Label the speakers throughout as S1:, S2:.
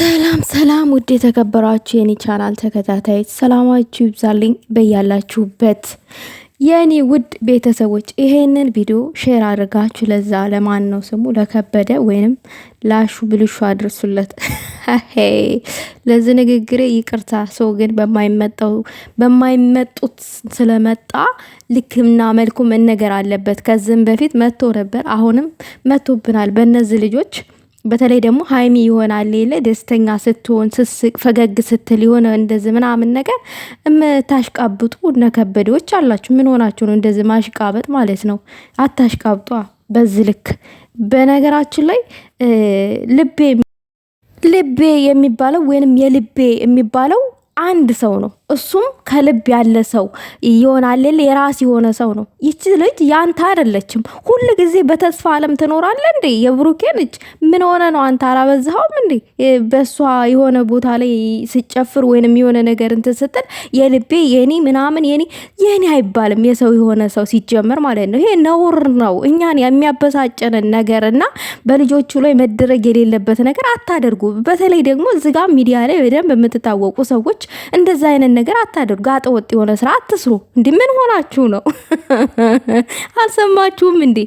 S1: ሰላም ሰላም፣ ውድ የተከበራችሁ የኔ ቻናል ተከታታይ ሰላማችሁ ይብዛልኝ በያላችሁበት የኔ ውድ ቤተሰቦች። ይሄንን ቪዲዮ ሼር አድርጋችሁ ለዛ ለማን ነው ስሙ ለከበደ ወይንም ላሹ ብልሹ አድርሱለት። ለዚህ ንግግሬ ይቅርታ። ሰው ግን በማይመጣው በማይመጡት ስለመጣ ልክምና መልኩም መነገር አለበት። ከዚህም በፊት መጥቶ ነበር፣ አሁንም መጥቶብናል በእነዚህ ልጆች በተለይ ደግሞ ሀይሚ ይሆናል ሌለ ደስተኛ ስትሆን ስስቅ ፈገግ ስትል የሆነ እንደዚህ ምናምን ነገር እምታሽቃብጡ እነከበዴዎች አላችሁ። ምን ሆናችሁ ነው እንደዚህ ማሽቃበጥ ማለት ነው? አታሽቃብጧ በዚህ ልክ። በነገራችን ላይ ልቤ ልቤ የሚባለው ወይንም የልቤ የሚባለው አንድ ሰው ነው። እሱም ከልብ ያለ ሰው ይሆናል። የራስ የሆነ ሰው ነው። ይቺ ልጅ ያንተ አይደለችም። ሁል ጊዜ በተስፋ አለም ትኖራለ እንዴ? የብሩኬን ልጅ ምን ሆነ ነው? አንተ አላበዛኸውም እንዴ? በእሷ የሆነ ቦታ ላይ ስጨፍር ወይንም የሆነ ነገር እንትን ስትል የልቤ የኔ ምናምን የኔ የኔ አይባልም። የሰው የሆነ ሰው ሲጀመር ማለት ነው። ይሄ ነውር ነው። እኛን የሚያበሳጨንን ነገር እና በልጆቹ ላይ መደረግ የሌለበት ነገር አታደርጉ። በተለይ ደግሞ እዚጋ ሚዲያ ላይ በደንብ የምትታወቁ ሰዎች እንደዛ አይነት ነገር አታደርጉ። አጠወጥ የሆነ ስራ አትስሩ። እንዲ ምን ሆናችሁ ነው? አልሰማችሁም እንዴ?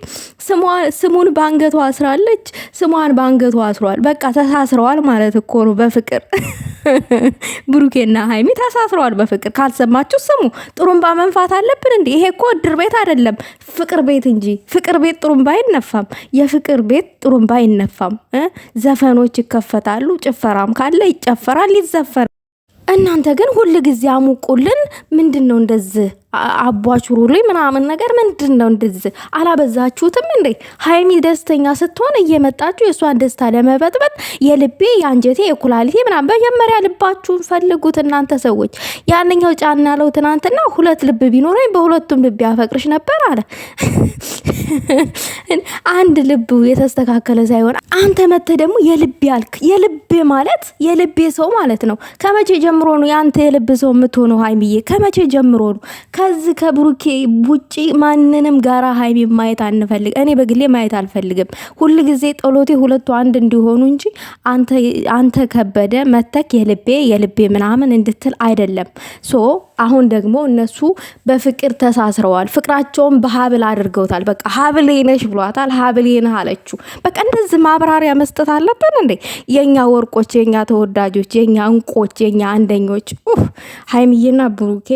S1: ስሙን በአንገቷ አስራለች። ስሟን በአንገቷ አስሯል። በቃ ተሳስረዋል ማለት እኮ ነው በፍቅር ብሩኬና ሀይሚ ተሳስረዋል በፍቅር። ካልሰማችሁ ስሙ። ጥሩምባ መንፋት አለብን እንዴ? ይሄ እኮ እድር ቤት አይደለም ፍቅር ቤት እንጂ። ፍቅር ቤት ጥሩምባ አይነፋም። የፍቅር ቤት ጥሩምባ አይነፋም። ዘፈኖች ይከፈታሉ። ጭፈራም ካለ ይጨፈራል፣ ይዘፈራል። እናንተ ግን ሁል ጊዜ አሙቁልን። ምንድን ነው እንደዚህ አቧቹሩልኝ ምናምን ነገር ምንድን ነው? እንደዚህ አላበዛችሁትም እንዴ? ሀይሚ ደስተኛ ስትሆን እየመጣችሁ የእሷን ደስታ ለመበጥበጥ የልቤ የአንጀቴ የኩላሊቴ ምናምን መጀመሪያ ልባችሁን ፈልጉት እናንተ ሰዎች። ያንኛው ጫና ያለው ትናንትና ሁለት ልብ ቢኖረኝ በሁለቱም ልብ ያፈቅርሽ ነበር አለ። አንድ ልብ የተስተካከለ ሳይሆን አንተ መተህ ደግሞ የልብ ያልክ የልብ ማለት የልቤ ሰው ማለት ነው። ከመቼ ጀምሮ ነው የአንተ የልብ ሰው የምትሆነው ሀይሚዬ? ከመቼ ጀምሮ ነው ከዚህ ከብሩኬ ውጪ ማንንም ጋራ ሀይሚ ማየት አንፈልግ። እኔ በግሌ ማየት አልፈልግም። ሁል ጊዜ ጠሎቴ ሁለቱ አንድ እንዲሆኑ እንጂ አንተ ከበደ መተክ የልቤ የልቤ ምናምን እንድትል አይደለም። ሶ አሁን ደግሞ እነሱ በፍቅር ተሳስረዋል። ፍቅራቸውን በሀብል አድርገውታል። በቃ ሀብል ነሽ ብሏታል። ሀብል ነህ አለችው። በቃ እንደዚህ ማብራሪያ መስጠት አለብን እንዴ? የእኛ ወርቆች፣ የእኛ ተወዳጆች፣ የእኛ እንቆች፣ የእኛ አንደኞች ሀይሚዬና ብሩኬ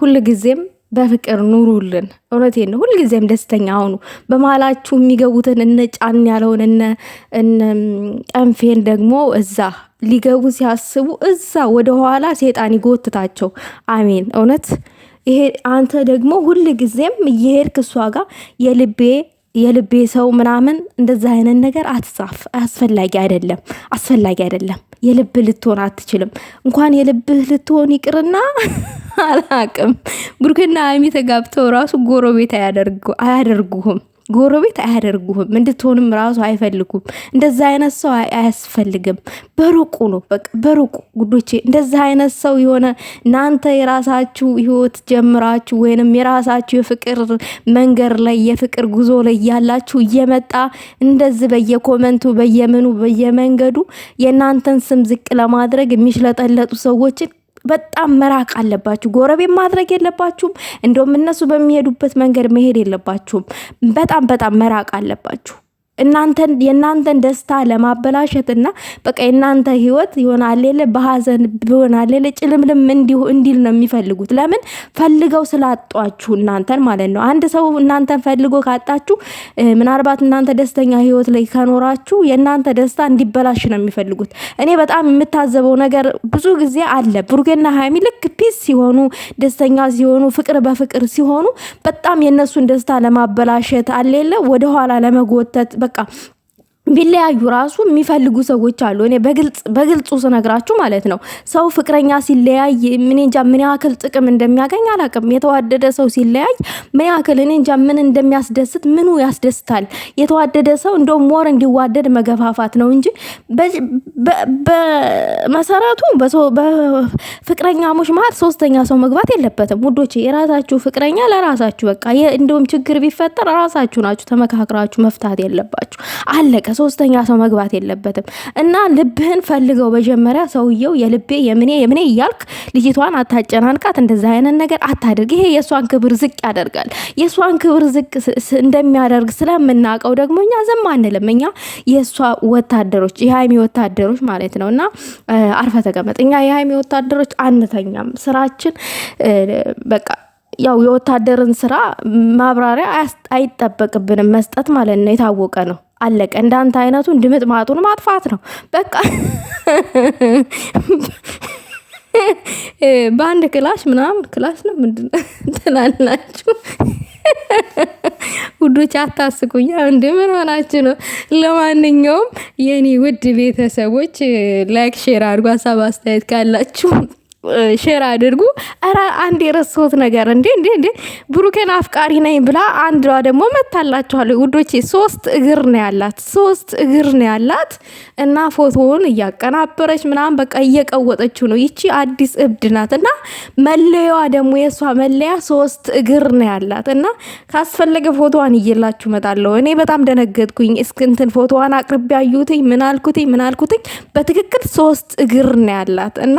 S1: ሁልጊዜም በፍቅር ኑሩልን። እውነቴን ነው። ሁልጊዜም ደስተኛ አሁኑ በመሀላችሁ የሚገቡትን እነ ጫን ያለውን እነ ጠንፌን ደግሞ እዛ ሊገቡ ሲያስቡ እዛ ወደኋላ ሴጣን ይጎትታቸው። አሜን። እውነት ይሄ አንተ ደግሞ ሁልጊዜም እየሄድክ እሷ ጋር የልቤ የልቤ ሰው ምናምን እንደዛ አይነት ነገር አትጻፍ። አስፈላጊ አይደለም፣ አስፈላጊ አይደለም። የልብህ ልትሆን አትችልም። እንኳን የልብህ ልትሆን ይቅርና አላቅም ብሩክና ሀይሚ ተጋብተው ራሱ ጎረቤት አያደርጉህም። ጎረቤት አያደርጉህም፣ እንድትሆንም ራሱ አይፈልጉም። እንደዛ አይነት ሰው አያስፈልግም። በሩቁ ነው በቃ በሩቁ ጉዶቼ። እንደዛ አይነት ሰው የሆነ እናንተ የራሳችሁ ህይወት ጀምራችሁ ወይንም የራሳችሁ የፍቅር መንገድ ላይ የፍቅር ጉዞ ላይ ያላችሁ እየመጣ እንደዚህ በየኮመንቱ በየምኑ በየመንገዱ የእናንተን ስም ዝቅ ለማድረግ የሚሽለጠለጡ ሰዎችን በጣም መራቅ አለባችሁ። ጎረቤት ማድረግ የለባችሁም። እንደውም እነሱ በሚሄዱበት መንገድ መሄድ የለባችሁም። በጣም በጣም መራቅ አለባችሁ። እናንተን የእናንተን ደስታ ለማበላሸትና በቃ የእናንተ ህይወት ይሆናል በሀዘን ይሆናል ጭልምልም እንዲሁ እንዲል ነው የሚፈልጉት። ለምን ፈልገው ስላጧችሁ እናንተን ማለት ነው። አንድ ሰው እናንተን ፈልጎ ካጣችሁ ምናልባት እናንተ ደስተኛ ህይወት ላይ ከኖራችሁ የእናንተ ደስታ እንዲበላሽ ነው የሚፈልጉት። እኔ በጣም የምታዘበው ነገር ብዙ ጊዜ አለ። ብሩኬና ሀይሚ ልክ ፒስ ሲሆኑ ደስተኛ ሲሆኑ ፍቅር በፍቅር ሲሆኑ በጣም የእነሱን ደስታ ለማበላሸት አሌለ ወደኋላ ለመጎተት 可。ቢለያዩ ራሱ የሚፈልጉ ሰዎች አሉ። እኔ በግልጹ ስነግራችሁ ማለት ነው። ሰው ፍቅረኛ ሲለያይ ምን እንጃ ምን ያክል ጥቅም እንደሚያገኝ አላቅም። የተዋደደ ሰው ሲለያይ ምን ያክል እኔ እንጃ ምን እንደሚያስደስት ምኑ ያስደስታል። የተዋደደ ሰው እንደ ሞር እንዲዋደድ መገፋፋት ነው እንጂ በመሰረቱ በፍቅረኛሞች መሀል ሶስተኛ ሰው መግባት የለበትም ውዶች የራሳችሁ ፍቅረኛ ለራሳችሁ በቃ እንደውም ችግር ቢፈጠር ራሳችሁ ናችሁ ተመካክራችሁ መፍታት የለባችሁ። አለቀ። ሶስተኛ ሰው መግባት የለበትም እና ልብህን ፈልገው መጀመሪያ። ሰውየው የልቤ የምኔ የምኔ እያልክ ልጅቷን አታጨናንቃት። እንደዛ አይነት ነገር አታድርግ። ይሄ የእሷን ክብር ዝቅ ያደርጋል። የእሷን ክብር ዝቅ እንደሚያደርግ ስለምናውቀው ደግሞ እኛ ዝም አንልም። እኛ የእሷ ወታደሮች፣ የሀይሚ ወታደሮች ማለት ነው እና አርፈ ተቀመጥ። እኛ የሀይሚ ወታደሮች አንተኛም። ስራችን በቃ ያው የወታደርን ስራ ማብራሪያ አይጠበቅብንም መስጠት ማለት ነው። የታወቀ ነው። አለቀ። እንዳንተ አይነቱን ድምጥ ማጡን ማጥፋት ነው በቃ። በአንድ ክላሽ ምናምን ክላሽ ነው ምንድን ትላላችሁ? ውዶች አታስቁኝ። እንደ ምን ሆናችሁ ነው? ለማንኛውም የኔ ውድ ቤተሰቦች ላይክ፣ ሼር አድርጎ ሀሳብ አስተያየት ካላችሁ ሼር አድርጉ። ኧረ አንድ የረሳሁት ነገር እንዴ እንዴ እንዴ ብሩኬን አፍቃሪ ነኝ ብላ አንዷ ደግሞ መታላችኋል ውዶቼ። ሶስት እግር ነው ያላት፣ ሶስት እግር ነው ያላት እና ፎቶውን እያቀናበረች ምናምን በቃ እየቀወጠችው ነው። ይቺ አዲስ እብድ ናት እና መለያዋ ደግሞ የእሷ መለያ ሶስት እግር ነው ያላት እና ካስፈለገ ፎቶዋን እየላችሁ እመጣለሁ። እኔ በጣም ደነገጥኩኝ። እስክንትን ፎቶዋን አቅርቤ አዩትኝ ምናልኩትኝ ምናልኩትኝ በትክክል ሶስት እግር ነው ያላት እና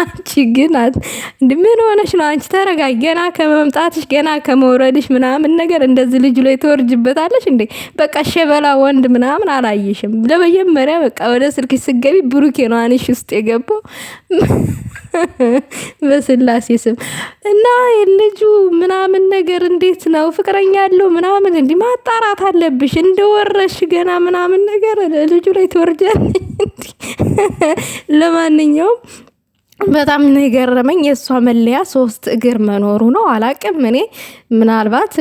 S1: አንቺ ግን ምን ሆነሽ ነው? አንቺ ተረጋጊ። ገና ከመምጣትሽ ገና ከመውረድሽ ምናምን ነገር እንደዚህ ልጅ ላይ ትወርጅበታለሽ እንዴ? በቃ ሸበላ ወንድ ምናምን አላየሽም። ለመጀመሪያ በቃ ወደ ስልክሽ ስገቢ ብሩኬ ነው አንሽ ውስጥ የገባው በስላሴ ስም እና ልጁ ምናምን ነገር እንዴት ነው ፍቅረኛ ያለው ምናምን እንዲ ማጣራት አለብሽ። እንደወረሽ ገና ምናምን ነገር ልጁ ላይ ትወርጃለሽ። ለማንኛውም በጣም ነው የገረመኝ የእሷ መለያ ሶስት እግር መኖሩ ነው። አላቅም እኔ ምናልባት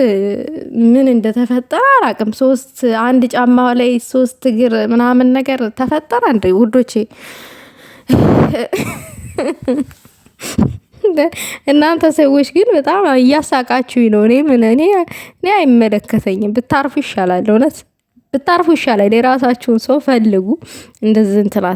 S1: ምን እንደተፈጠረ አላቅም። ሶስት አንድ ጫማ ላይ ሶስት እግር ምናምን ነገር ተፈጠረ እንደ ውዶቼ እናንተ ሰዎች ግን በጣም እያሳቃችሁ ነው። እኔ ምን እኔ እኔ አይመለከተኝም። ብታርፉ ይሻላል፣ እውነት ብታርፉ ይሻላል። የራሳችሁን ሰው ፈልጉ እንደዚህ እንትላት